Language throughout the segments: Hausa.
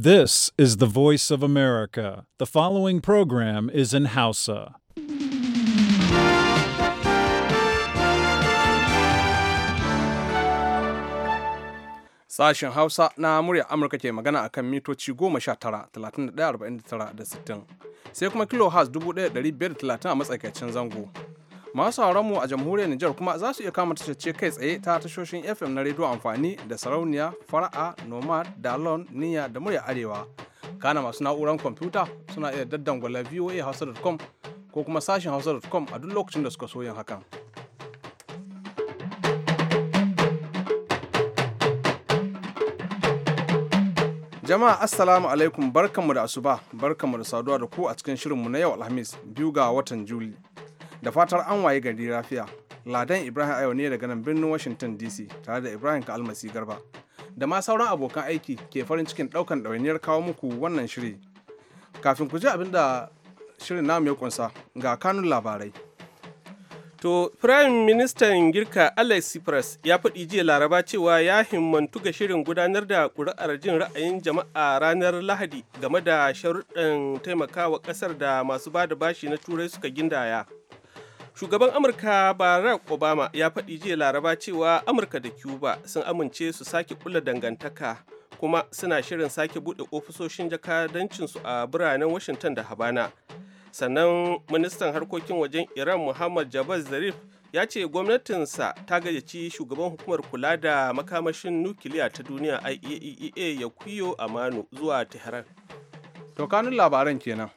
This is the voice of America. The following program is in Hausa. Sashen Hausa na murya Amurka ke magana akan mitoci 19, 31, da 60, sai kuma kilo kilohertz 1530 a matsakaicin zango. masu mu a jamhuriyar Nijar kuma za su iya kama tashar kai tsaye ta tashoshin FM na rediyo amfani da sarauniya, fara'a, nomad, dalon, niya da murya arewa. Kana masu na'uran kwamfuta suna iya daddangwala voahausa.com ko kuma sashen hausa.com a duk lokacin da suka so yin hakan. Jama'a Assalamu alaikum barkanmu da asuba barkanmu da saduwa da ku a cikin shirinmu na yau Alhamis biyu ga watan Juli da fatar an waye gari lafiya ladan ibrahim ayo ne daga nan birnin washington dc tare da ibrahim kalmasi garba da ma sauran abokan aiki ke farin cikin daukan ɗawainiyar kawo muku wannan shiri kafin ku ji abin da shirin namu ya kunsa ga kanun labarai To, Firayim Ministan Girka Alex cyprus ya faɗi jiya laraba cewa ya himmantu ga shirin gudanar da ƙuri'ar jin ra'ayin jama'a ranar Lahadi game da sharuɗin taimakawa ƙasar da masu ba da bashi na Turai suka gindaya. Shugaban Amurka Barack Obama ya faɗi jiya Laraba cewa Amurka da Cuba sun amince su sake kula dangantaka kuma suna shirin sake buɗe ofisoshin jakadancinsu a biranen Washington da Habana. Sannan ministan harkokin wajen Iran Muhammad Jabaz Zarif ya ce gwamnatinsa ta gayyaci shugaban hukumar kula da makamashin nukiliya ta duniya IAEA e ya kuyo Amanu zuwa Tehran. To kanun labaran kenan.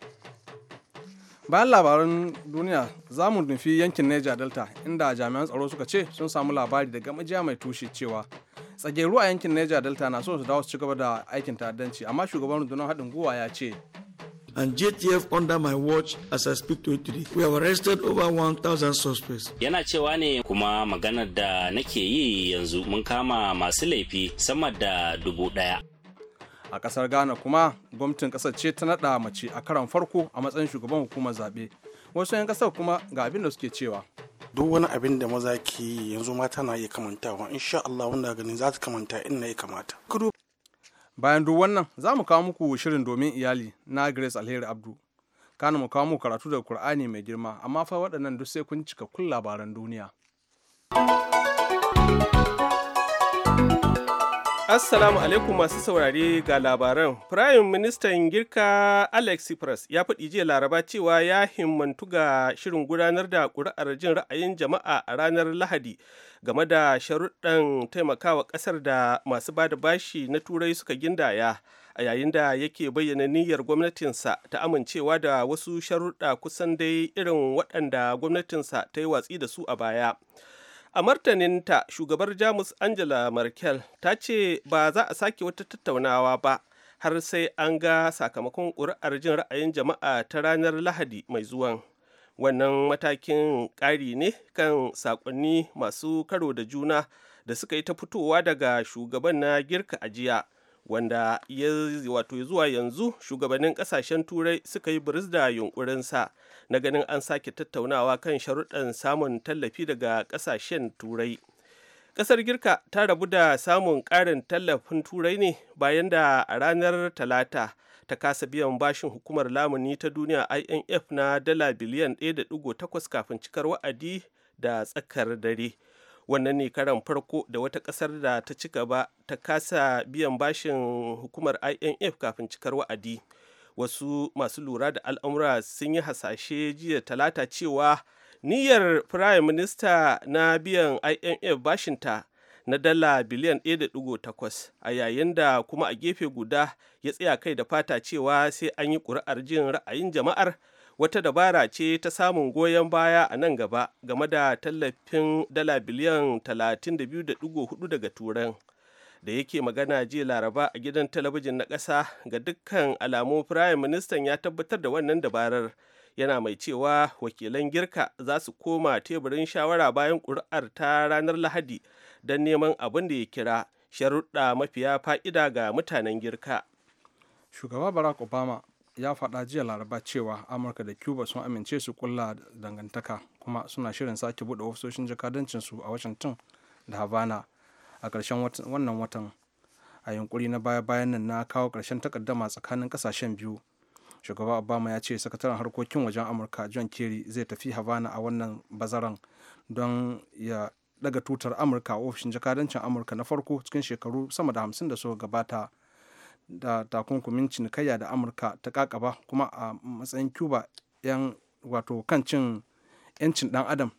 bayan labaran duniya za mu nufi yankin niger delta inda jami'an tsaro suka ce sun samu labari daga majiya mai tushe cewa tsageru a yankin niger delta na so su dawo su ci gaba da aikin ta'addanci amma shugaban rundunar haɗin gwiwa ya ce and JTF under my watch as I speak to you today. We have arrested over 1,000 suspects. Yana cewa ne kuma maganar da nake yi yanzu mun kama masu laifi sama da dubu ɗaya. a kasar ghana kuma gwamnatin kasar ce ta nada mace a karan farko a matsayin shugaban hukumar zaɓe wasu 'yan kasar kuma ga abin da suke cewa duk wani abin da maza ke yi yanzu mata na iya kamantawa sha Allah wanda ganin za ta kamanta in na iya kamata bayan duk wannan za mu kawo muku shirin domin iyali na Grace Alheri Abdu kana mu kawo muku karatu daga Kur'ani mai girma amma fa waɗannan duk sai kun cika kun labaran duniya. Assalamu alaikum masu saurare ga labaran. prime Ministan Girka Alex Tsipras ya faɗi jiya laraba cewa ya himmantu ga shirin gudanar da ƙuri'ar jin ra'ayin jama'a a ranar Lahadi game da sharuɗan taimakawa ƙasar da masu bada bashi na turai suka gindaya a yayin da yake bayyana niyyar gwamnatinsa ta amincewa da wasu sharuɗa kusan dai irin waɗanda gwamnatinsa ta yi watsi da su a baya. a martaninta shugabar jamus angela merkel ta ce ba za a sake wata tattaunawa ba har sai an ga sakamakon ƙuri'ar jin ra'ayin jama'a ta ranar lahadi mai zuwan wannan matakin ƙari ne kan saƙonni masu karo da juna da suka yi ta fitowa daga shugaban na girka ajiya wanda ya wato zuwa yanzu shugabannin kasashen turai suka yi biris da yunkurinsa na ganin an sake tattaunawa kan sharuɗan samun tallafi daga kasashen turai Ƙasar girka ta rabu da samun ƙarin tallafin turai ne bayan da a ranar talata ta kasa biyan bashin hukumar lamuni ta duniya imf na dala biliyan 1.8 kafin cikar wa'adi da tsakar dare wannan ne karan farko da wata kasar da ta ci gaba ta kasa biyan bashin hukumar inf kafin cikar wa'adi wasu masu lura da al'amura sun yi hasashe jiya talata cewa niyyar prime minister na biyan imf bashinta na dala biliyan 1.8 a yayin da kuma a gefe guda ya tsaya kai da fata cewa sai an yi ƙuri'ar jin ra'ayin jama'ar wata dabara ce ta samun goyon baya a nan gaba game da tallafin dala biliyan 32.4 daga turan da yake magana jiya laraba a gidan talabijin na ƙasa ga dukkan alamu firayim ministan ya tabbatar da wannan dabarar yana mai cewa wakilan girka za su koma teburin shawara bayan ƙuri'ar ta ranar lahadi don neman abin da ya kira sharuɗa mafiya fa'ida ga mutanen girka shugaba barack obama ya faɗa jiya laraba cewa amurka da cuba sun amince su kulla dangantaka kuma suna shirin sake buɗe ofisoshin jakadancinsu a washington da havana a ƙarshen wannan watan a yunkuri na baya-bayan nan na kawo ƙarshen takaddama tsakanin ƙasashen biyu shugaba obama ya ce sakataren harkokin wajen amurka john kerry zai tafi havana a wannan bazaran don ya daga tutar amurka a ofishin jakadancin amurka na farko cikin shekaru sama da hamsin da suka gabata da takunkumin cinikayya da amurka ta kakaba kuma a matsayin cuba yan wato kan cin yancin dan adam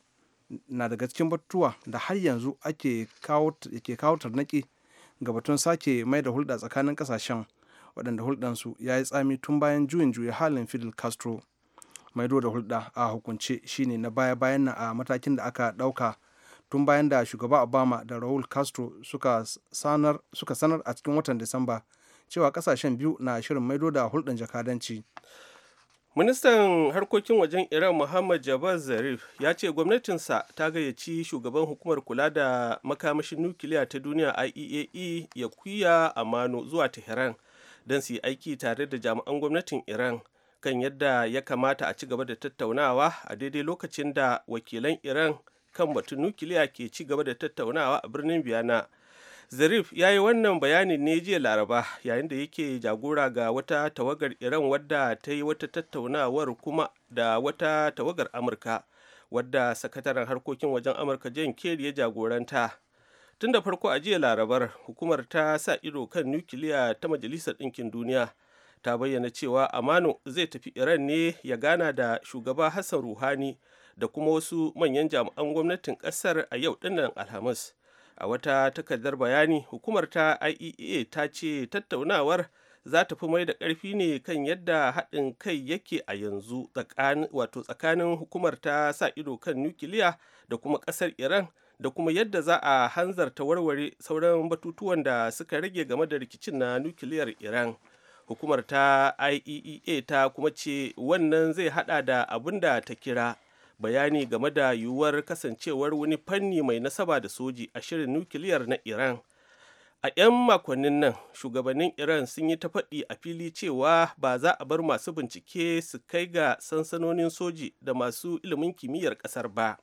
na daga cikin batutuwa da har yanzu ake kawo tarnaki ga batun sake mai da hulɗa tsakanin ƙasashen waɗanda hulɗansu ya yi tsami tun bayan juyin juya halin fidel castro mai da hulɗa a hukunce shine na baya bayan na a matakin da aka ɗauka tun bayan da shugaba obama da raul castro suka sanar a cikin watan disamba cewa kasashen biyu na shirin maido da hulɗan jakadanci ministan harkokin wajen iran muhammad jabal zarif ya ce gwamnatinsa ta gayyaci shugaban hukumar kula da makamashin nukiliya ta duniya iaea ya kuya a e, mano zuwa tehran don su yi aiki tare da jami'an gwamnatin iran kan yadda ya kamata a ci gaba da tattaunawa a daidai lokacin da wakilan iran kan batun nukiliya ke ci gaba da tattaunawa a birnin biyana zarif ya yi wannan bayanin ne jiya laraba yayin da yake jagora ga wata tawagar iran wadda ta yi wata tattaunawar kuma da wata tawagar amurka wadda sakataren harkokin wajen amurka jan kerry ya jagoranta tun da farko a jiya larabar hukumar ta sa ido kan nukiliya ta majalisar ɗinkin duniya ta bayyana cewa amano zai tafi iran ne ya gana da shugaba hassan ruhani da kuma wasu manyan jami'an gwamnatin ƙasar a yau ɗinnan alhamis a wata takardar bayani hukumar ta iea ta ce tattaunawar za ta fi mai da ƙarfi ne kan yadda haɗin kai yake a yanzu wato tsakanin hukumar ta sa ido kan nukiliya da kuma ƙasar iran da kuma yadda za a hanzarta warware sauran batutuwan da suka rage game da rikicin na nukiliyar iran hukumar ta iea ta kuma ce wannan zai hada da abin da ta kira bayani game da yiwuwar kasancewar wani fanni mai nasaba da soji a shirin nukiliyar na iran a 'yan makonnin nan shugabannin iran sun yi ta a fili cewa ba za a bar masu bincike su kai ga sansanonin soji da masu ilimin kimiyyar ƙasar ba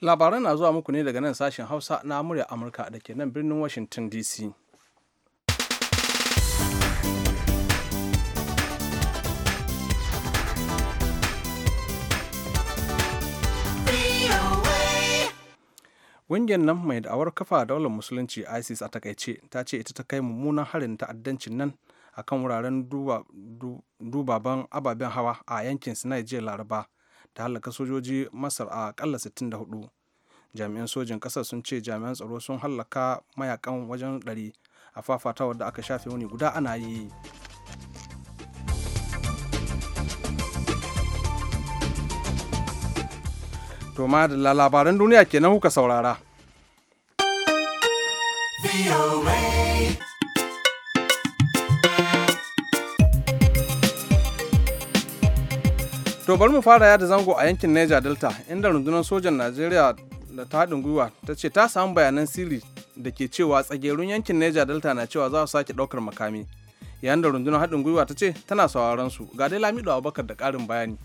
labaran na zuwa muku ne daga nan sashen hausa na murya amurka da ke nan birnin washington dc ƙungiyar nan mai da'awar kafa daular musulunci isis a takaice ta ce ita ta kai mummunan harin ta'addancin nan a kan wuraren dubaban ababen hawa a yankin sinai jiya laraba ta halaka sojoji masar a kalla 64 jami'an sojin ƙasar sun ce jami'an tsaro sun halaka mayakan wajen ɗari a fafatawar da aka shafe wani guda ana yi To ma da labaran duniya kenan kuka saurara. To bari mu fara yada zango a yankin Niger Delta inda rundunar sojan Najeriya da ta haɗin gwiwa ta ce ta samu bayanan sirri da ke cewa tsagerun yankin Niger Delta na cewa za su sake ɗaukar makami. Yayin da rundunar haɗin gwiwa ta ce tana sauraron su ga dai Lamido Abubakar da ƙarin bayani.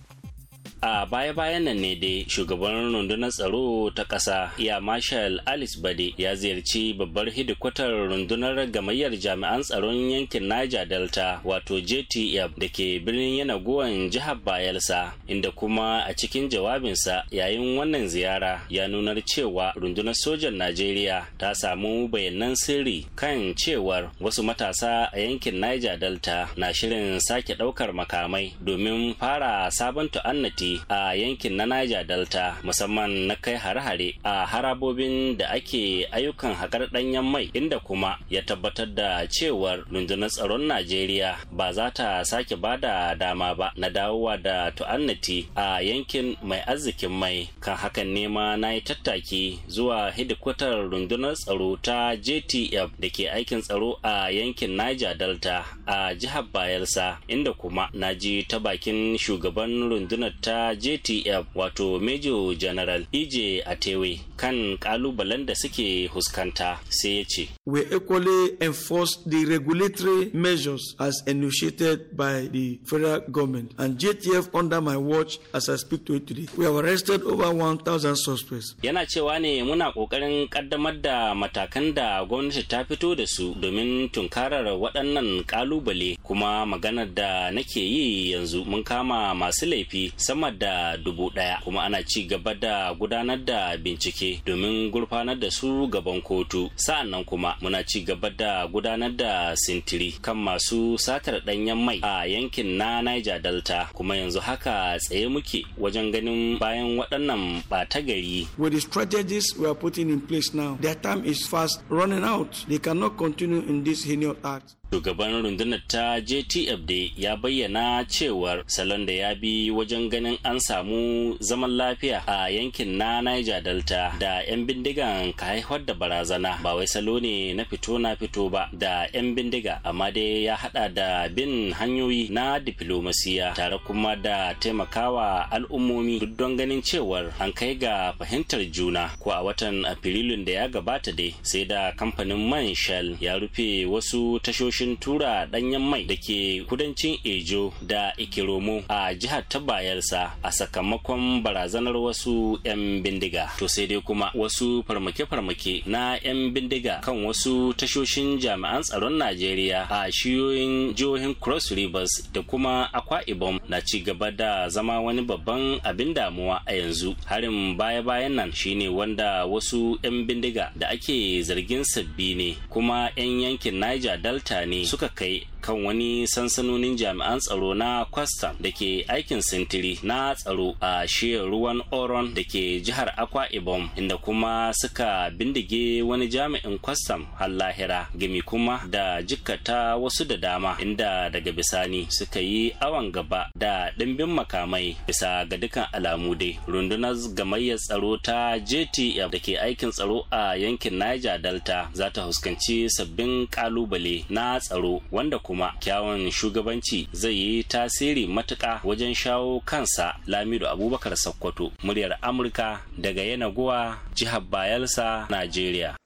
a baya-bayan nan ne dai shugaban rundunar tsaro ta ƙasa ya marshal alice bade ya ziyarci babbar hidikwatar rundunar gamayyar jami'an tsaron yankin niger delta wato jtf da ke birnin yanagowar jihar bayelsa inda kuma a cikin jawabinsa yayin wannan ziyara ya nunar cewa rundunar sojan najeriya ta samu bayanan sirri kan cewar wasu matasa a yankin niger delta na shirin sake ɗaukar makamai domin fara sabon ta'annati a yankin na Niger Delta musamman na kai hare-hare a harabobin da ake ayyukan haƙar ɗanyen mai inda kuma ya tabbatar da cewar rundunar tsaron Najeriya ba za ta sake ba da dama ba na dawowa da tu'annati a yankin mai arzikin mai kan hakan nema na yi tattaki zuwa hidikwatar rundunar tsaro ta JTF da ke aikin tsaro a yankin Niger Delta a jihar Bayelsa inda kuma na ji ta bakin shugaban rundunar ta a JTF wato Major General EJ Atewe kan kalubalen da suke huskanta sai ya ce. We equally enforce the regulatory measures as initiated by the federal government and JTF under my watch as I speak to you today. We have arrested over 1,000 suspects. Yana cewa ne muna kokarin kaddamar da matakan da gwamnati ta fito da su domin tunkarar waɗannan kalubale kuma maganar da nake yi yanzu mun kama masu laifi sama da dubu ɗaya kuma ana ci gaba da gudanar da bincike domin gurfanar da su gaban kotu sa'an nan kuma muna ci gaba da gudanar da sintiri kan masu satar ɗanyen mai a yankin na niger delta kuma yanzu haka tsaye muke wajen ganin bayan waɗannan ɓata gari with the strategies we are putting in place now their time is fast running out they cannot continue in this heinous act shugaban rundunar ta jtf da ya bayyana cewar salon da ya bi wajen ganin an samu zaman lafiya a yankin na niger delta da 'yan bindigan ka haifar da barazana ba wai salo ne na fito na fito ba da 'yan bindiga amma dai ya hada da bin hanyoyi na diplomasiya tare kuma da taimakawa al'ummomi duk don ganin cewar an kai ga fahimtar juna ko a watan afrilun da ya gabata dai sai da kamfanin man shell ya rufe wasu tashoshin Shin tura danyen mai da ke kudancin ejo da ikiromo a jihar ta bayelsa a sakamakon barazanar wasu 'yan bindiga to sai dai kuma wasu farmake-farmake na 'yan bindiga kan wasu tashoshin jami'an tsaron najeriya a shiyoyin jihohin cross rivers da kuma akwa ibom na ci gaba da zama wani babban abin damuwa a yanzu harin baya-bayan nan shine wanda wasu 'yan bindiga da ake zargin sabbi ne kuma 'yan yankin niger delta mutane suka kai kan wani sansanonin jami'an tsaro na kwastam da ke aikin sintiri na tsaro a shiyar ruwan oron da ke jihar akwa ibom inda kuma suka bindige wani jami'in kwastam har lahira gami kuma da jikkata wasu da dama inda daga bisani suka yi awon gaba da ɗimbin makamai bisa ga dukkan alamu dai rundunar gamayyar tsaro ta jtf da ke aikin tsaro a yankin niger delta za ta huskanci sabbin kalubale na tsaro wanda kuma kyawun shugabanci zai yi tasiri matuka wajen shawo kansa lamido abubakar sakkwato muryar amurka daga yanagowa jihar bayelsa najeriya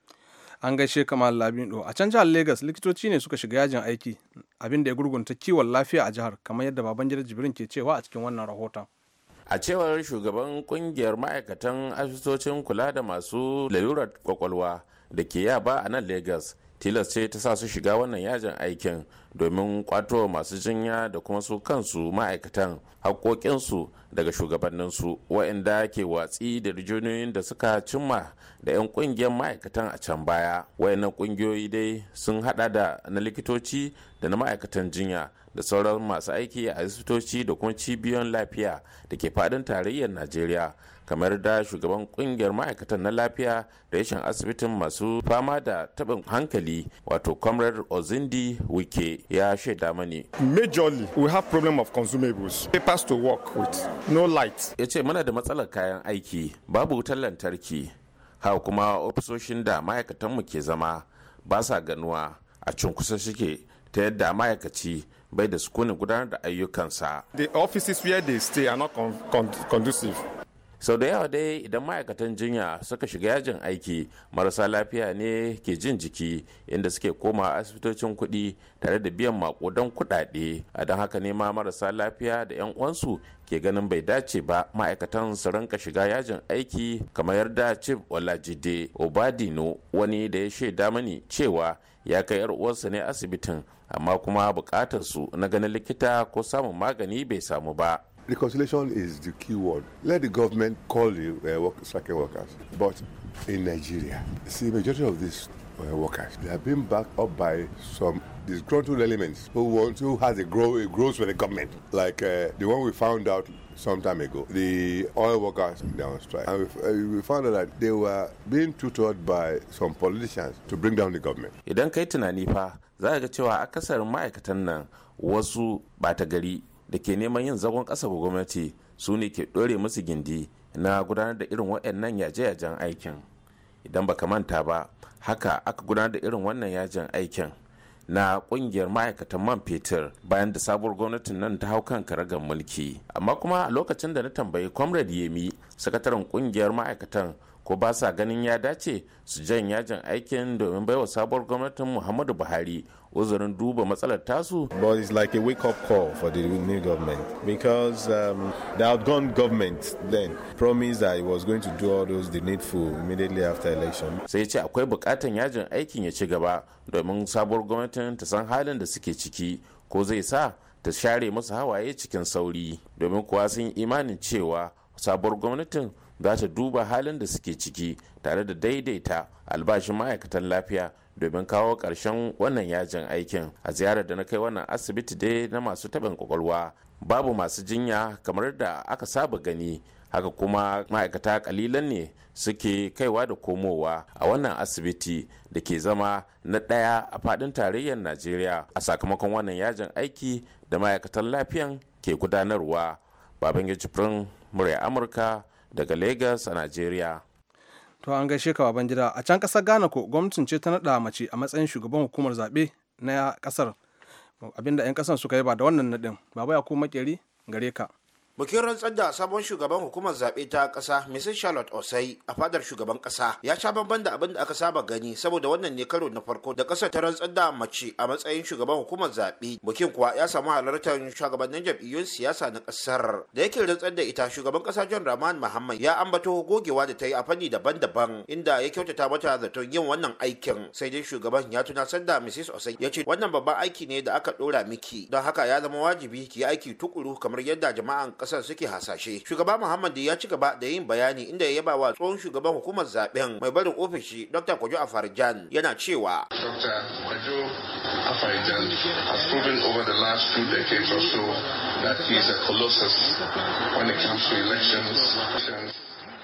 an gaishe kamar lamido a can jihar lagos likitoci ne suka shiga yajin aiki abin da ya gurgunta kiwon lafiya a jihar kamar yadda babangida jibrin ke cewa a cikin wannan rahoton a cewar shugaban kungiyar ma'aikatan asusocin kula da masu lalurar kwakwalwa da ke yaba a nan lagos tilas ce ta sa su shiga wannan yajin aikin domin kwato masu jinya da kuma su kansu ma'aikatan haƙoƙinsu daga shugabanninsu waɗanda ke watsi da rijiyoyin da suka cimma da 'yan ƙungiyar ma'aikatan a can baya wayannan ƙungiyoyi dai sun hada da na likitoci da na ma'aikatan jinya da sauran masu aiki a asibitoci da kuma cibiyoyin lafiya da ke faɗin tarayyar najeriya kamar da shugaban kungiyar ma'aikatan na lafiya da yashin asibitin masu fama da tabin hankali wato comrade ozindi wike ya shaida mani majorly we have problem of consumables papers to work with no light ya ce muna da matsalar kayan aiki babu wutar lantarki haka kuma ofisoshin da ma'aikatanmu ke zama ba sa ganuwa a cunkusa suke ta yadda ma'aikaci bai da sukunin gudanar da ayyukansa the offices where they stay are not conducive sau da yawa dai idan ma'aikatan jinya suka shiga yajin aiki marasa lafiya ne ke jin jiki inda suke koma asibitocin kuɗi tare da biyan makudan kuɗaɗe a don haka ne ma marasa lafiya da 'yan uwansu ke ganin bai dace ba ma'aikatan su rinka shiga yajin aiki kamar yarda chief olajide obadino wani da ya shaida mani cewa ya kai yar uwarsa ne asibitin amma kuma su na ganin likita ko samun magani bai samu ba reconciliation is the key word. Let the government call the uh, work, striking workers. But in Nigeria, see, majority of these uh, workers, they are being backed up by some disgruntled elements who want who has a grow a growth with the government. Like uh, the one we found out some time ago, the oil workers down strike, and we, uh, we found out that they were being tutored by some politicians to bring down the government. wasu da ke neman yin zagon ƙasa ga gwamnati su ne ke ɗore musu gindi na gudanar da irin waɗannan yaje-yajen aikin idan ba ka manta ba haka aka gudanar da irin wannan yajin aikin na kungiyar ma'aikatan man fetur bayan da sabuwar gwamnatin nan ta hau kan karagar mulki amma kuma a lokacin da na tambayi comrade yemi sakataren kungiyar ma'aikatan ko ba sa ganin ya dace su jan yajin aikin domin baiwa sabuwar gwamnatin muhammadu buhari uzurin duba matsalar tasu. But it's like a wake up call for the new government because um, the outgone government then promised that it was going to do all those the needful immediately after election. Sai ce akwai bukatan yajin aikin ya ci gaba domin sabuwar gwamnatin ta san halin da suke ciki ko zai sa ta share masu hawaye cikin sauri domin kuwa sun imanin cewa sabuwar gwamnatin za ta duba halin da suke ciki tare da daidaita albashin ma'aikatan lafiya domin kawo ƙarshen wannan yajin aikin a ziyarar da na kai wannan asibiti dai na masu taɓin kwakwalwa babu masu jinya kamar da aka saba gani haka kuma ma'aikata kalilan ne suke kaiwa da komowa a wannan asibiti da ke zama na ɗaya a faɗin tarayyar najeriya a sakamakon wannan yajin aiki da ma'aikatan lafiyan ke gudanarwa babangeji firin murya amurka daga lagos a najeriya To an gaishe ka baban gida a can kasar Ghana ko gwamnatin ce ta naɗa mace a matsayin shugaban hukumar zaɓe na kasar abinda 'yan kasar suka yi ba da wannan naɗin baba ya ko makeri gare ka. Bikin rantsar da sabon shugaban hukumar zaɓe ta ƙasa Mrs. Charlotte Osai a fadar shugaban ƙasa ya sha bamban da abin da aka saba gani saboda wannan ne karo na farko da ƙasar ta rantsar da mace a matsayin shugaban hukumar zaɓe. Bikin kuwa ya samu halartar shugabannin jam'iyyun siyasa na ƙasar. Da yake rantsar da ita shugaban ƙasa John Rahman Muhammad ya ambato gogewa da ta yi a fanni daban-daban inda ya kyautata mata zaton yin wannan aikin. Sai dai shugaban ya tunasar da Mrs. Osai ya ce wannan babban aiki ne da aka ɗora miki don haka ya zama wajibi ki yi aiki tukuru kamar yadda jama'an kasar suke hasashe shugaba muhammadu ya ci gaba da yin bayani inda ya yaba wa tsohon shugaban hukumar zaben mai barin ofishi dr kwajo afarjan yana cewa dr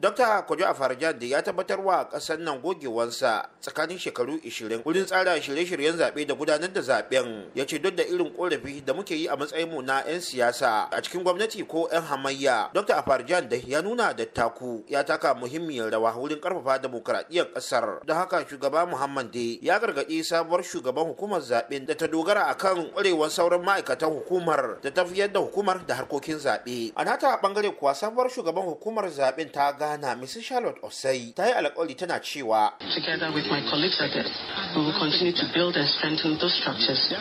Dr. Kojo da ya tabbatar wa ƙasar nan gogewansa tsakanin shekaru 20 wurin tsara shirye-shiryen zaɓe da gudanar da zaɓen ya ce duk da irin ƙorafi da muke yi a matsayin mu na 'yan siyasa a cikin gwamnati ko 'yan hamayya. Dr. da ya nuna da taku ya taka muhimmiyar rawa wurin ƙarfafa demokuraɗiyyar ƙasar. Don haka shugaba Muhammad Dai ya gargaɗi sabuwar shugaban hukumar zaɓen da ta dogara a kan ƙwarewar sauran ma'aikatan hukumar da tafiyar da hukumar da harkokin zaɓe. A nata ɓangare kuwa sabuwar shugaban hukumar zaɓen ta ga Ghana, Mrs. Charlotte Osei, Together with my colleagues at we will continue to build and strengthen those structures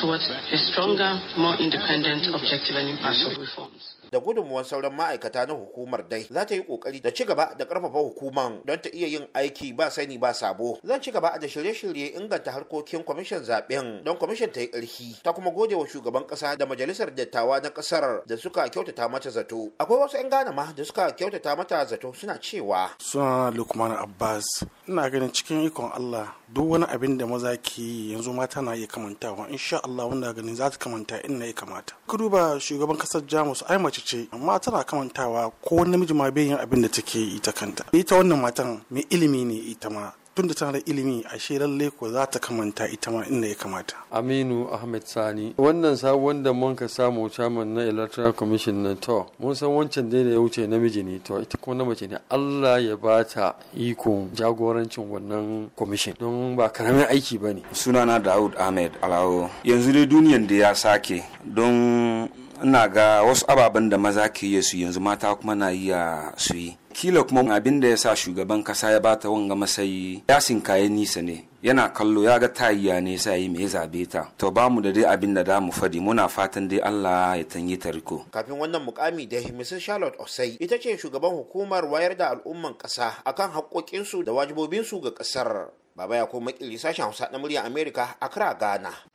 towards a stronger, more independent, objective and impartial reforms. da gudunmuwan sauran ma'aikata na hukumar dai za ta yi kokari da ci gaba da karfafa hukuman don ta iya yin aiki ba sani ba sabo zan ci gaba da shirye-shirye inganta harkokin kwamishin zaben don kwamishin ta yi ƙarfi ta kuma gode wa shugaban ƙasa da majalisar dattawa na ƙasar da suka kyautata mata zato akwai wasu 'yan gana ma da suka kyautata mata zato suna cewa suna lukman abbas ina ganin cikin ikon allah duk wani abin da maza ke yanzu mata na iya kamantawa insha allah wanda ganin za ta kamanta in na ya kamata ku duba shugaban kasar jamus ai mace ce amma tana kamantawa ko namiji ma bai yin abin da take ta kanta ita wannan matan mai ilimi ne ita ma tun da tana da ilimi a lalle ko za ta kamanta ita ma inda ya kamata. Aminu Ahmed Sani wannan sabon da mun ka samu chairman na Electoral Commission na to mun san wancan dai da ya wuce namiji ne to ita kuma na mace ne Allah ya ba ta ikon jagorancin wannan commission don ba karamin aiki ba ne. Sunana Da'ud Ahmed Alawo yanzu dai duniyan da ya sake don ina ga wasu ababen da maza ke yi su yanzu mata kuma na iya su yi kila kuma abin da ya sa shugaban kasa ya bata wanga masayi ya sinkaye nisa ne yana kallo ya ga tayiya ne sa yi mai zabe ta to ba mu da dai abin da da mu fadi muna fatan dai Allah ya tanyi ta riko kafin wannan mukami da Mrs Charlotte Osei ita ce shugaban hukumar wayar da al'umman kasa akan haƙoƙinsu da wajibobinsu ga kasar baba ya ko makili sashen Hausa na murya America kira Ghana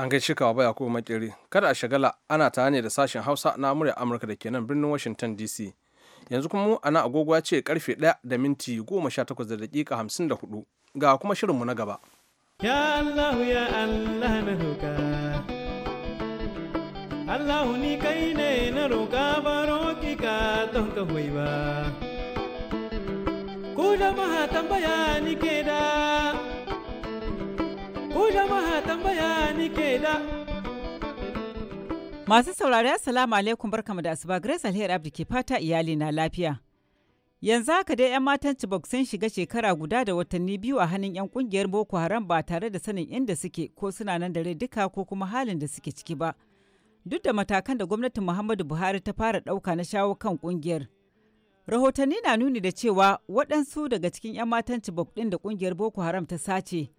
an shi ka baya kuma makiri kada a shagala ana ta ne da sashen hausa na murya amurka da ke nan birnin washington dc yanzu kuma mu ana agogo ce karfe 1 da minti 18 da dakika 54 ga kuma mu na gaba ya allah ya allah na roka allah ni kai ne na roka baro ki ka don ka ba ku jama'a tambaya ni ke da jama'a tambaya ni ke da. Masu saurari Assalamu alaikum barkamu da asuba Grace Alheri Abdi ke fata iyali na lafiya. Yanzu haka dai 'yan matan Chibok sun shiga shekara guda da watanni biyu a hannun 'yan kungiyar Boko Haram ba tare da sanin inda suke ko suna nan da rai duka ko kuma halin da suke ciki ba. Duk da matakan da gwamnatin Muhammadu Buhari ta fara ɗauka na shawo kan kungiyar. Rahotanni na nuni da cewa waɗansu daga cikin 'yan matan Chibok ɗin da kungiyar Boko Haram ta sace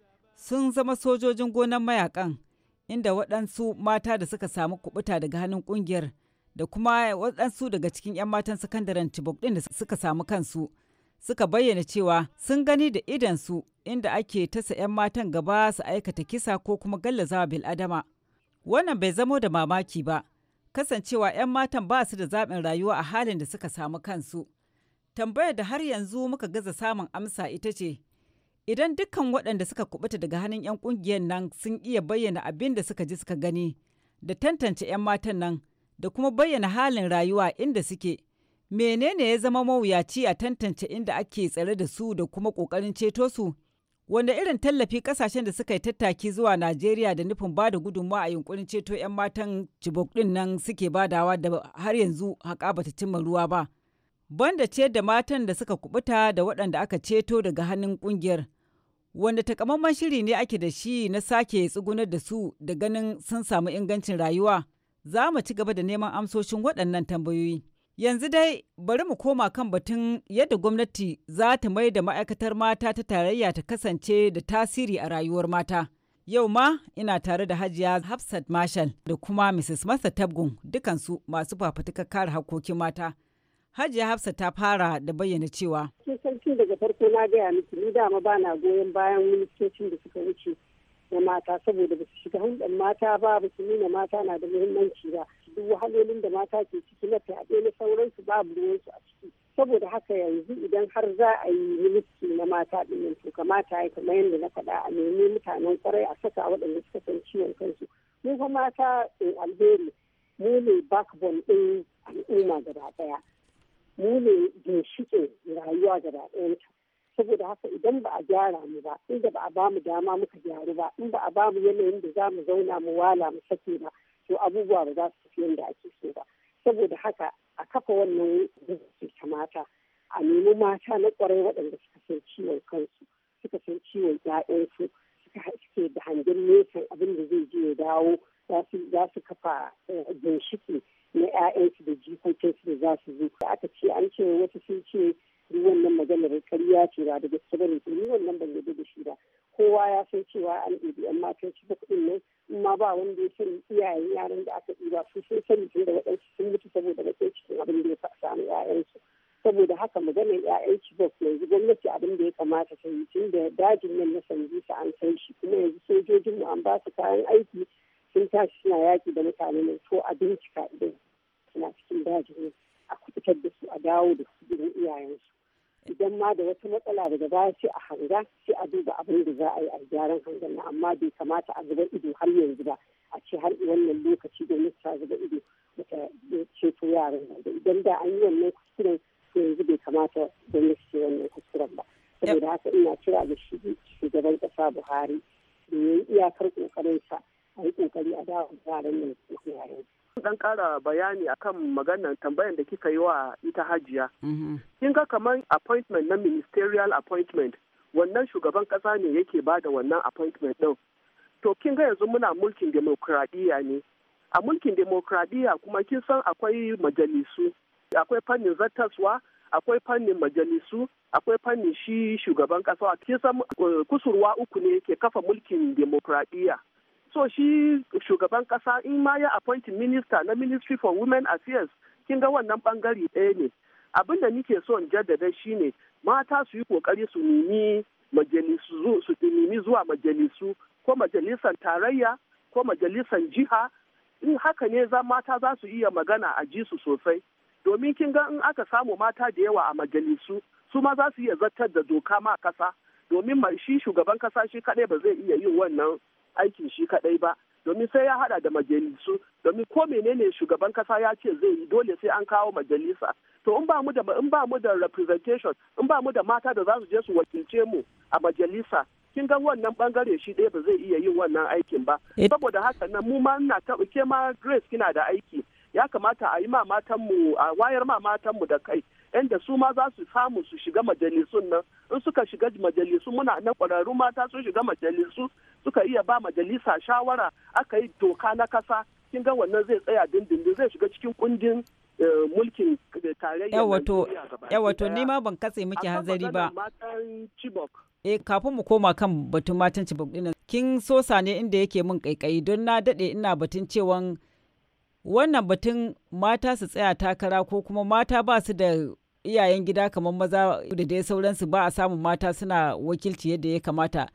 sun zama sojojin gonan mayakan inda waɗansu mata da suka samu kubuta daga hannun ƙungiyar da kuma waɗansu daga cikin 'yan matan sakandaren cibok ɗin da suka samu kansu suka bayyana cewa sun gani da idansu inda ake tasa 'yan matan gaba su aikata kisa ko kuma gallazawa bil'adama. Wannan bai zamo da mamaki ba, kasancewa 'yan matan ba su da zaɓin rayuwa a halin da suka samu kansu. Tambayar da har yanzu muka gaza samun amsa ita ce, Idan dukkan waɗanda suka kubuta daga hannun 'yan ƙungiyar nan sun iya bayyana abin da suka ji suka gani da tantance 'yan matan nan da kuma bayyana halin rayuwa inda suke, menene ya zama mawuyaci a tantance inda ake tsare da su da kuma ƙoƙarin ceto su? Wanda irin tallafi kasashen da suka yi tattaki zuwa Najeriya da nufin ba da gudunmawa a yunkurin ceto 'yan matan cibok ɗin nan suke badawa da har yanzu haƙa bata cimma ruwa ba. banda ciyar da matan da suka kubuta da waɗanda aka ceto daga hannun ƙungiyar. Wanda takamaiman shiri ne ake da shi na sake tsugunar da su da ganin sun samu ingancin rayuwa, za mu ci gaba da neman amsoshin waɗannan tambayoyi. Yanzu dai bari mu koma kan batun yadda gwamnati za ta mai da ma'aikatar mata ta tarayya ta kasance da tasiri a rayuwar mata. Yau ma ina tare da Hajiya Hafsat Marshall da kuma Mrs. Masa Tabgun dukansu masu fafutukar kare harkokin mata. Hajiya Hafsa ta fara da bayyana cewa. Sarkin daga farko na gaya miki ni dama ba na goyon bayan ministocin da suka wuce na mata saboda ba su shiga hulɗar mata ba ba su nuna mata na da muhimmanci ba duk wahalolin da mata ke ciki na fyaɗe na sauransu babu ruwansu a ciki saboda haka yanzu idan har za a yi ministi na mata ɗin to kamata ya kamar yadda na faɗa a nemi mutanen kwarai a saka waɗanda suka san ciwon kansu mu fa mata in eh, alheri mu ne backbone ɗin al'umma gaba ɗaya mu ne ginshiƙin rayuwa da ɗayanta saboda haka idan ba a gyara mu ba inda ba a ba mu dama muka gyaru ba in ba a ba mu yanayin da za mu zauna mu wala mu sake ba to abubuwa ba za su tafi yadda ake so ba saboda haka a kafa wannan ke kamata a nemi mata na kwarai waɗanda suka san ciwon kansu suka san ciwon ƴaƴansu suka suke da hangen nesan abin da zai je ya dawo za su kafa eh, ginshiki na 'ya'yansu da jikokinsu da za su zo aka ce an ce wasu sun ce duk wannan maganar karya ce ba da gaske bane to ni wannan ban yarda da shi ba kowa ya san cewa an ɗebi amma matan ci ba kuɗin nan amma ba wanda ya sani iyayen yaran da aka ɗiba su sun sani tun da waɗansu sun mutu saboda bakin cikin abin da ya samu 'ya'yansu saboda haka maganar ba kuma yanzu gwamnati abin da ya kamata ta yi tun da dajin nan na sanji sa an san shi kuma yanzu sojojin mu an ba su kayan aiki sun tashi suna yaƙi da mutane ne ko a bincika idan suna cikin daji ne a kubutar da su a dawo da su gidan iyayensu idan ma da wata matsala daga baya sai a hanga sai a duba abin da za a yi a gyaran hangen amma bai kamata a zuba ido har yanzu ba a ce har wannan lokaci da ta zuba ido da ceto yaran da idan da an yi wannan kuskuren yanzu bai kamata domin su wannan kuskuren ba saboda haka ina kira da shugaban kasa buhari da ya yi iyakar kokarinsa a yi kokari a dawo yaran nan su dan kara bayani akan maganar tambayar da kika yi wa ita hajiya mm-hmm. kin ga kamar appointment na ministerial appointment wannan shugaban kasa ne yake ba da wannan appointment ɗin. to kin ga yanzu muna mulkin demokradiyya ne a mulkin demokradiyya kuma kin san akwai majalisu akwai fannin zattaswa akwai fannin majalisu akwai fannin shi shugaban kasa kin san eh, kusurwa uku ne ke kafa mulkin demokradiyya so shi shugaban kasa in ma ya appointing minister na ministry for women affairs kin ga wannan bangare ɗaya ne abin da nike so in jaddada shine mata su yi kokari su nemi majalisu su nemi zuwa majalisu ko majalisan tarayya ko majalisan jiha in haka ne za mata za su iya magana a ji su sosai domin kin ga in aka samu mata da yawa a majalisu su ma za su iya zartar da doka ma kasa domin shi shugaban kasa shi kaɗai ba zai iya yin wannan aikin shi kaɗai ba domin sai ya hada da majalisu domin ko menene shugaban kasa ya ce zai yi dole sai an kawo majalisa to in ba mu da in ba mu da representation in ba mu da mata da za su je su wakilce mu a majalisa kin ga wannan bangare shi ɗaya ba zai iya yin wannan aikin ba eh. saboda haka nan mu ma ina ta ke ma Grace kina da aiki ya kamata a yi ma matan mu a wayar ma matan mu da kai yadda su ma za su samu su shiga majalisun nan in suka shiga majalisu muna na ƙwararru mata sun shiga majalisu suka iya ba majalisa shawara aka yi doka na kasa kin ga wannan zai tsaya dindindin zai shiga cikin kundin eh, mulkin eh, tarayya yawato ni ma ban katse miki hanzari ba eh kafin mu koma kan batun matan cibok din kin sosa ne inda yake min kaikayi don na dade ina batun cewan wannan batun mata su tsaya takara ko kuma mata ba su da iyayen gida kamar maza da dai sauransu ba a samun mata suna wakilci yadda ya kamata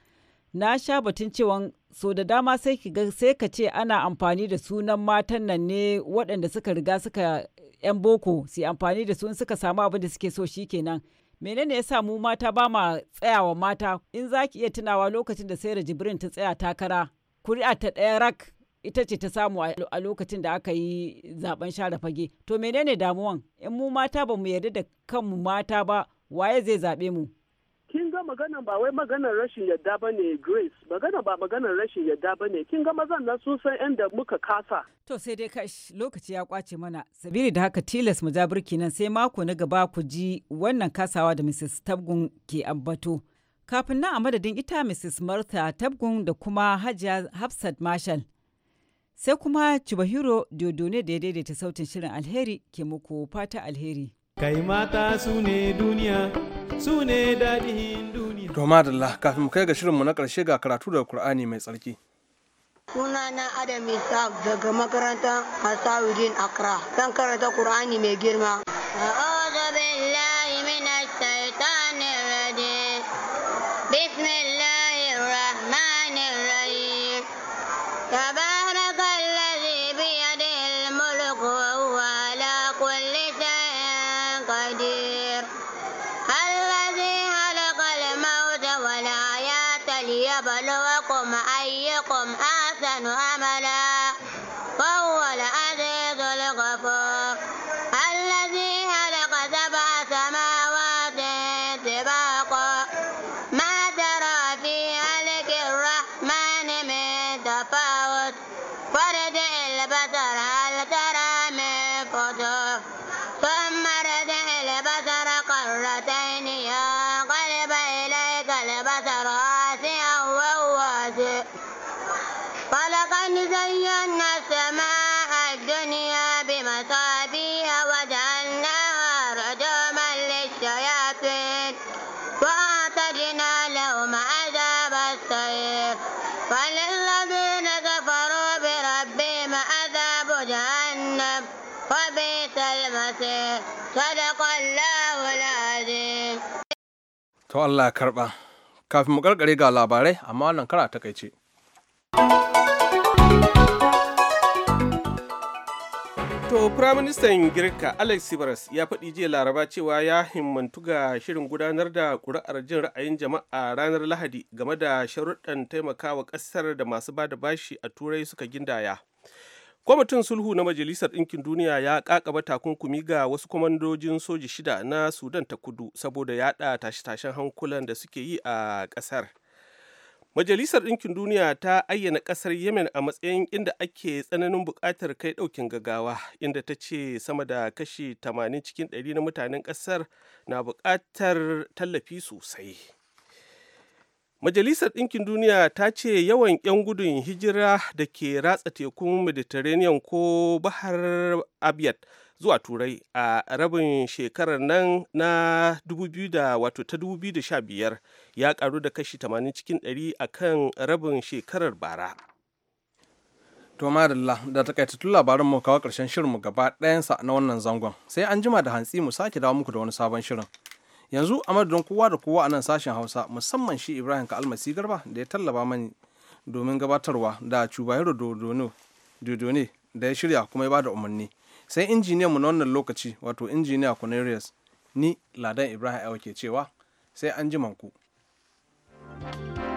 na sha batun cewa so da dama sai sai ka ce ana amfani da sunan matan nan ne waɗanda suka riga suka yan boko su amfani da su in suka samu abin da suke so shi shikenan menene ya sa mu mata ba ma tsayawa mata in za ki iya tunawa lokacin da sai jibrin ta tsaya takara kuri'a ta ɗaya rak ita ce ta samu a lokacin da aka yi zaben share fage to menene damuwan in mu mata ba mu yarda da kanmu mata ba waye zai zaɓe mu kin ga maganan ba wai maganar rashin yadda ba ne grace magana ba maganar rashin yadda ba ne kin ga mazan nan sun san inda muka kasa to sai dai kash lokaci ya kwace mana sabiri da haka tilas mu birki nan sai mako na gaba ku ji wannan kasawa da mrs tabgun ke ambato kafin nan a madadin ita mrs martha tabgun da kuma hajiya hafsat marshall Sai kuma Chibahiro Diodone da ya daidaita sautin shirin alheri ke muku fata alheri. Kai mata su ne duniya, su ne daɗin duniya. To madalla kafin mu kai ga shirinmu na ƙarshe ga karatu da Kur'ani mai tsarki. na Adam Isaac daga makarantar Asawudin Accra. Zan karanta Kur'ani mai girma. أعوذ بالله فللذين كفروا بربهم عذاب جهنم وبئس da صدق الله العظيم to Allah ya karba kafin mu karkare ga labarai amma wannan kara takaice. To, Firaministan Girka Alex Sibaras ya faɗi jiya Laraba cewa ya himmantu ga shirin gudanar da ƙuri'ar jin ra'ayin jama'a ranar Lahadi game da sharuɗan taimakawa ƙasar da masu ba da bashi a Turai suka gindaya. Kwamitin sulhu na Majalisar Ɗinkin Duniya ya ƙaƙaba takunkumi ga wasu kwamandojin soji shida na Sudan ta kudu saboda yaɗa tashe-tashen hankulan da suke yi a ƙasar. Majalisar Ɗinkin Duniya ta ayyana ƙasar Yemen a matsayin inda ake tsananin buƙatar kai ɗaukin gagawa, inda ta ce sama da kashi 80 cikin 100 na mutanen ƙasar na buƙatar tallafi sosai. Majalisar Ɗinkin Duniya ta ce yawan 'yan gudun hijira da ke ratsa tekun Mediterranean ko Bahar Abiyat zuwa turai a rabin shekarar nan na 2015 ya karu da kashi 80 cikin 100 a kan rabin shekarar bara to madalla da takaitattun labaran mu kawo karshen shirinmu gaba ɗayansa na wannan zangon sai an jima da hantsi mu sake dawo muku da wani sabon shirin yanzu a madadin kowa da kowa a nan sashen hausa musamman shi ibrahim ka almasi garba da ya tallaba mani domin gabatarwa da cubayar dodone da ya shirya kuma ya bada umarni sai injiniyan mu na wannan lokaci wato injiniya cornelius ni ladan ibrahim ke cewa sai an ku. thank